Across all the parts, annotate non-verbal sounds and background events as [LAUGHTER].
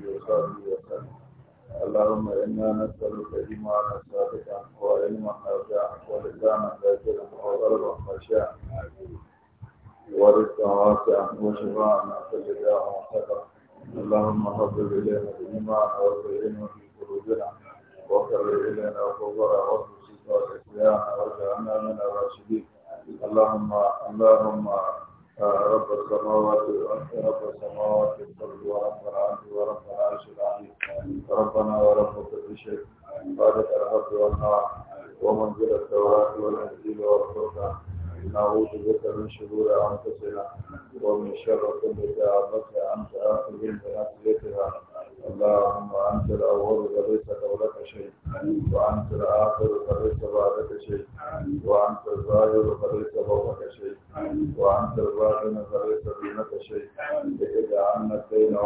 وصحبه وسلم اللهم إنا نسألك إيمانا صادقا وعلما نافعا ولسانا ذاكرا وقلبا خاشعا ورزقا واسعا وشفاء من كل داء وسقم اللهم حبب إلينا الإيمان وزينه في قلوبنا وكرر إلينا الكفر والفسوق والعصيان واجعلنا من الراشدين اللهم اللهم رب العرش ورب العرش العظيم ربنا ورب كل شيء فاضل الحق والنار ومنزل التوراة والانجيل والفرقان نعوذ بك من شرور انفسنا ومن شر كل دابة انت اخذ بناصيتها اللهم انت الاول فليس قولك شيء وانت الاخر فليس بعدك شيء وانت الظاهر فليس فوقك شيء وانت الباطن فليس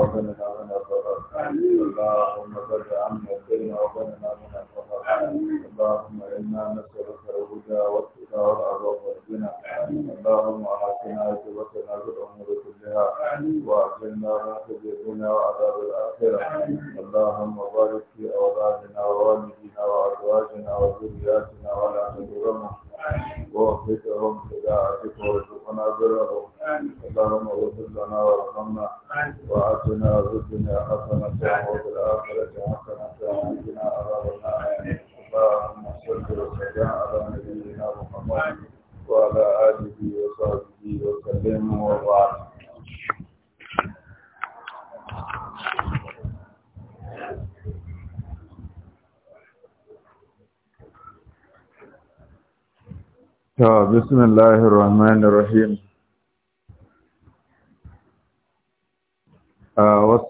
وبننا من الضرر اللهم فرج عنا الدين وبننا من الضرر اللهم انا نسالك الهدى والتقى والعذاب ربنا اللهم اعطنا عاقبتنا بالامور كلها واجلنا من خزي الدنيا وعذاب الاخره اللهم بارك في اولادنا ووالدينا وازواجنا وذرياتنا ولا تضرهم ووفقهم لطاعتك وارزقنا برهم اللهم اغفر لنا وارحمنا وآتنا في الدنيا حسنة وفي الآخرة حسنة وقنا عذاب اللهم صل وسلم على نبينا محمد وعلى آله وصحبه وسلم وبعد آه، بسم الله الرحمن الرحيم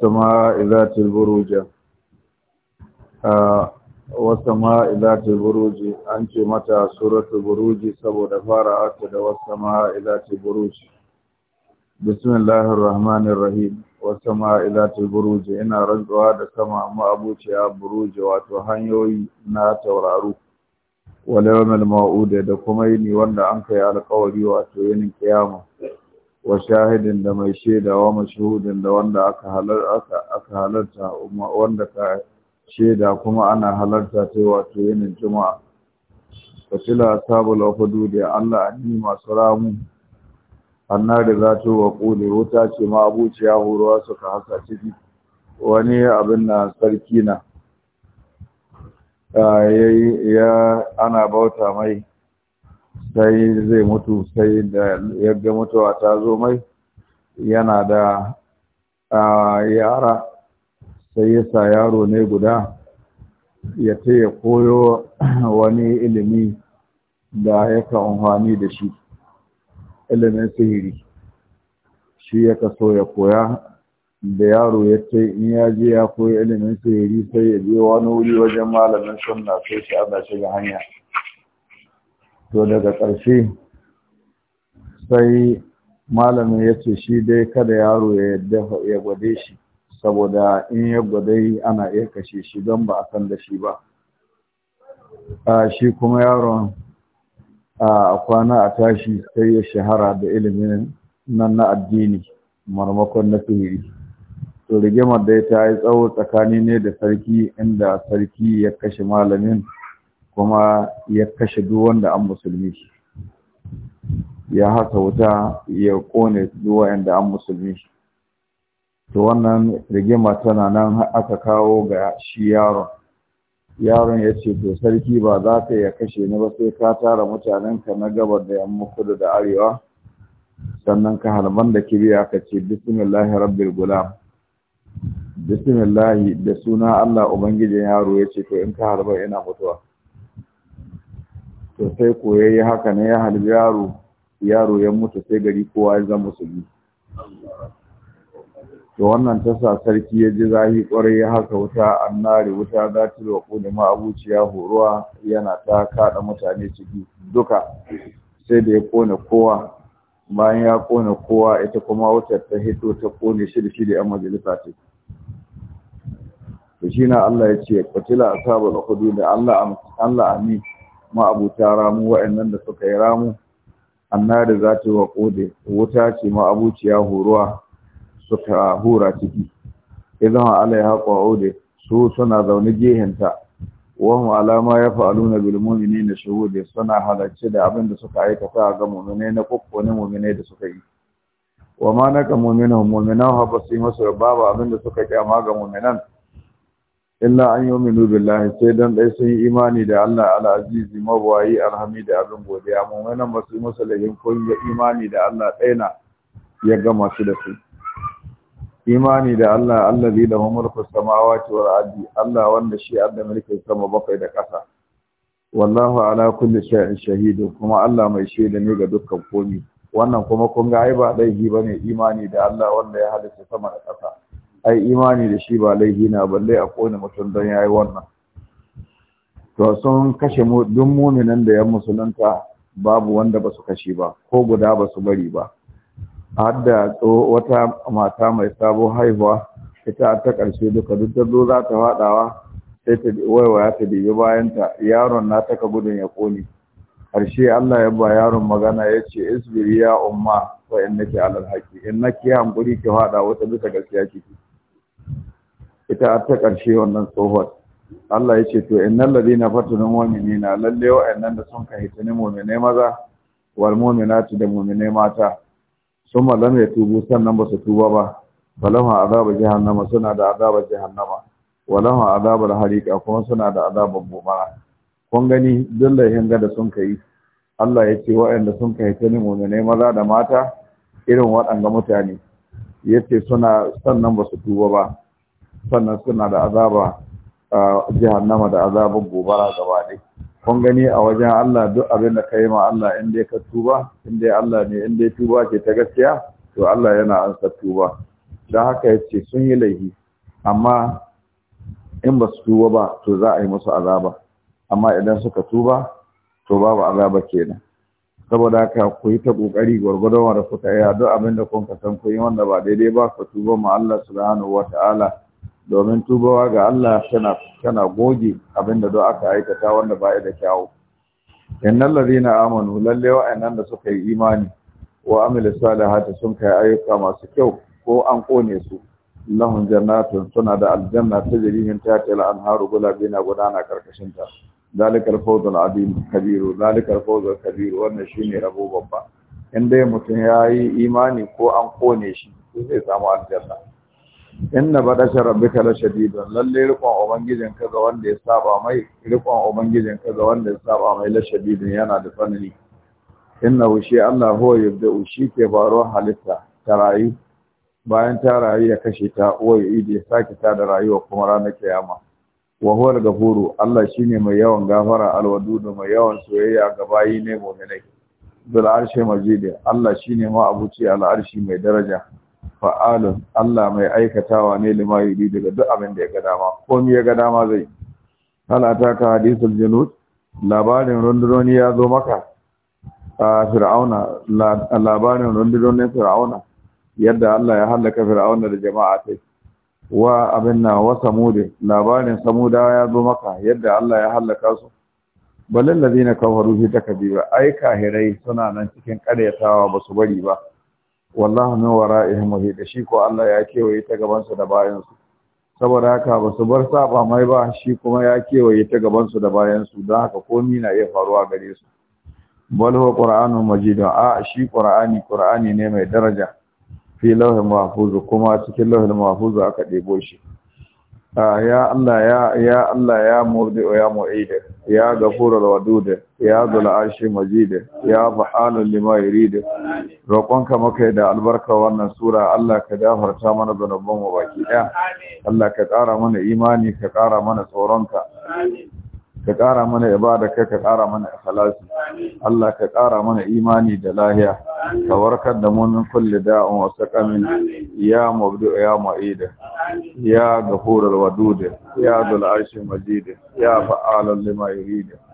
والسماء ذات البروج والسماء ذات البروج انت متى سوره البروج سبو دفارا أتد والسماء ذات البروج بسم الله الرحمن الرحيم والسماء ذات البروج انا إنا رجوها دسما ما أبوشها بروج واتوهنيوي نات وراروك wale wa malma'ude da kuma yini wanda an kai alkawari واتو yinin قيامه wa shahidin da mai shaida wa mashahudin da wanda aka halarta wanda ka shaida kuma ana halarta ta wato yinin juma'a tila sabul wafudu da Allah ni masu ramu annari za ta wa ƙuli wuta ce ma abuciya horuwa ka haka ciki wani abin na sarki na ah, ya ana bauta mai sai zai mutu sai da yadda mutuwa ta zo mai yana da yara sai ya sa yaro ne guda ya ta ya koyo [CLEARS THROAT] wani ilimi da ya ka amfani da shi ilimin sihiri shi ya kaso ya koya da yaro ya ce in ya je ya koyi ilimin sihiri sai ya je wani wuri wajen malamin sunna sai shi ana shiga hanya to daga ƙarshe sai malamin ya ce shi dai kada yaro ya gwade shi saboda in ya gwade ana iya kashe shi don ba a san da shi ba A shi kuma yaron a kwana a tashi sai ya shahara da ilimin nan na addini marmakon na sihiri to rigimar da ta yi tsawo tsakani ne da sarki inda sarki ya kashe malamin kuma ya kashe duk wanda an musulmi shi ya haka wuta ya kone duk wanda an musulmi shi to wannan rigima tana nan aka kawo ga shi yaron yaron ya ce to sarki ba za ka ya kashe ni ba sai ka tara mutanenka na gabar da yamma kudu da arewa sannan ka halban da kibiya ka ce bismillahi rabbil gulam bismillahi da suna Allah ubangijin yaro ya ce to in ka harba ina mutuwa to sai ko yayi haka ne ya halbi yaro yaro ya mutu sai gari kowa ya zama su bi. to wannan ta sa sarki ya ji zahi kwarai ya haka wuta annari wuta za ta roƙo da ma'abuciya horuwa yana ta kaɗa mutane ciki duka sai da ya kone kowa bayan ya kone kowa ita kuma wutar ta hito ta kone shi da shi da majalisa ce to shi na Allah ya ce kwatila ashabul hudud da Allah amin ma'abuta ramu wa'annan da suka yi ramu annari za ta wa kode wuta ce ma'abuciya horuwa suka hura ciki idan alaiha ode su suna zaune gehenta wahum alama ya ne na mu'minina da suna halarci da abin da suka aikata ga mu'minai na kokkone mu'minai da suka yi wa ma ka mu'minahum mu'minahu ba su yi masu babu abin da suka kyama ga mu'minan illa an yi yu'minu billahi sai don ɗai sun yi imani da Allah al'azizi aziz alhami da abin godiya mun wannan masu musalihin ko imani da Allah na ya gama su da su imani da Allah Allah zai da lahu samawa samawati wal ardi Allah wanda shi adda mulkin sama bakwai da ƙasa wallahu ala kulli shay'in shahidu, kuma Allah mai shaida ne ga dukkan komi? wannan kuma kun ga ai ba ba ne imani da Allah wanda ya halitta sama da ƙasa ai imani da shi ba laifi na balle a kone mutum don yayi wannan to sun kashe duk muminan da ya musulunta babu wanda ba su kashe ba ko guda ba su bari ba har da wata mata mai sabo haihuwa ita ta karshe duka duk da zo za ta faɗawa sai ta waiwaya ta dibi bayanta yaron na taka gudun ya kone. karshe Allah ya ba yaron magana ya ce isbiri ya umma wa in nake alal haƙi in nake hankuri ki faɗa wata duka gaskiya kike ita ta ƙarshe wannan tsohuwar Allah ya ce to innal ladina fatanu na lalle wa nan da sun kai tuni mu'mine maza wal mu'minatu da mu'mine mata summa ya tubu sannan ba su tuba ba falahu azabu jahannama suna da azabar jahannama walahu azabul hariqa kuma suna da azabar gobara kun gani dillahin ga da sun kai Allah ya ce wa'anda sun kai tuni mu'mine maza da mata irin waɗanga mutane yace suna sannan ba su tuba ba sannan suna da azaba jihannama da azabar gobara gaba ɗaya kun gani a wajen Allah duk abin da ka yi ma Allah in dai ka tuba in Allah ne in dai tuba ce ta gaskiya to Allah yana ansa tuba don haka ya ce sun yi laifi amma in ba su tuba ba to za a yi musu azaba amma idan suka tuba to babu azaba kenan saboda haka ku yi ta kokari gwargwadon da kuka yi duk abin da kun ka san ku yi wanda ba daidai ba ku tuba ma Allah subhanahu wataala domin tubawa ga Allah tana goge abinda do aka aikata wanda ba da kyawu innal ladina amanu lalle wa'annan da suka yi imani wa amila salihati sun kai ayyuka masu kyau ko an kone su lahun jannatun suna da aljanna ta jirihin ta tela an haru gulabina gudana karkashin ta dalikar fauzar kabiru dalikar fauzar kabiru wannan shine rabo babba in dai mutum ya yi imani ko an kone shi zai samu aljanna inna badasha rabbika la shadida lalle rikon ubangijin ka ga wanda ya saba mai rikon ubangijin ka ga wanda ya saba mai la shadida yana da tsanani inna shi Allah huwa yabda shi ke baro halitta ta rayu bayan ta rayu ya kashe ta uwa idi ya sake ta da rayuwa kuma ranar kiyama wa huwa al-ghafuru Allah shine mai yawan gafara al-wadudu mai yawan soyayya ga bayi ne mu'minai bil arshi majid Allah shine ma abuci al-arshi mai daraja fa'alun Allah mai aikatawa ne lima yuri daga duk abin da ya ga dama komi ya ga dama zai ta ka hadisul junud labarin rundunoni ya zo maka a fir'auna labarin fir'auna yadda Allah ya hallaka fir'auna da jama'a ta wa abin na wa samude labarin samuda ya zo maka yadda Allah ya hallaka su balin lazina kafaru fi takabira ai kahirai suna nan cikin ƙaryatawa ba su bari ba wallahu min wara'ihim muhit shi ko Allah ya kewaye ta gaban su da bayan su saboda haka ba su bar saba mai ba shi kuma ya kewaye ta gaban su da bayan su don haka komi na iya faruwa gare su bal huwa qur'anun majid a shi qur'ani qur'ani ne mai daraja fi lauhin mahfuz kuma cikin lauhin mahfuz aka debo shi Ah, ya Allah ya ya Allah ya murdi ya mu'id ya ghafurul wadud ya dhul arshi majid ya fahalul lima yurid roƙonka maka da albarka wannan sura Allah ka dafarta mana zanubban mu baki ɗaya. Allah ka ƙara mana imani ka ƙara mana tsoronka ka ƙara mana ibada ka ka ƙara mana ikhlasi Allah ka ƙara mana imani da lahiya ka warkar da mu min kulli da'un wa saqamin ya mubdi ya mu'id يا غفور الودود يا ذو العرش المجيد يا فعال لما يريد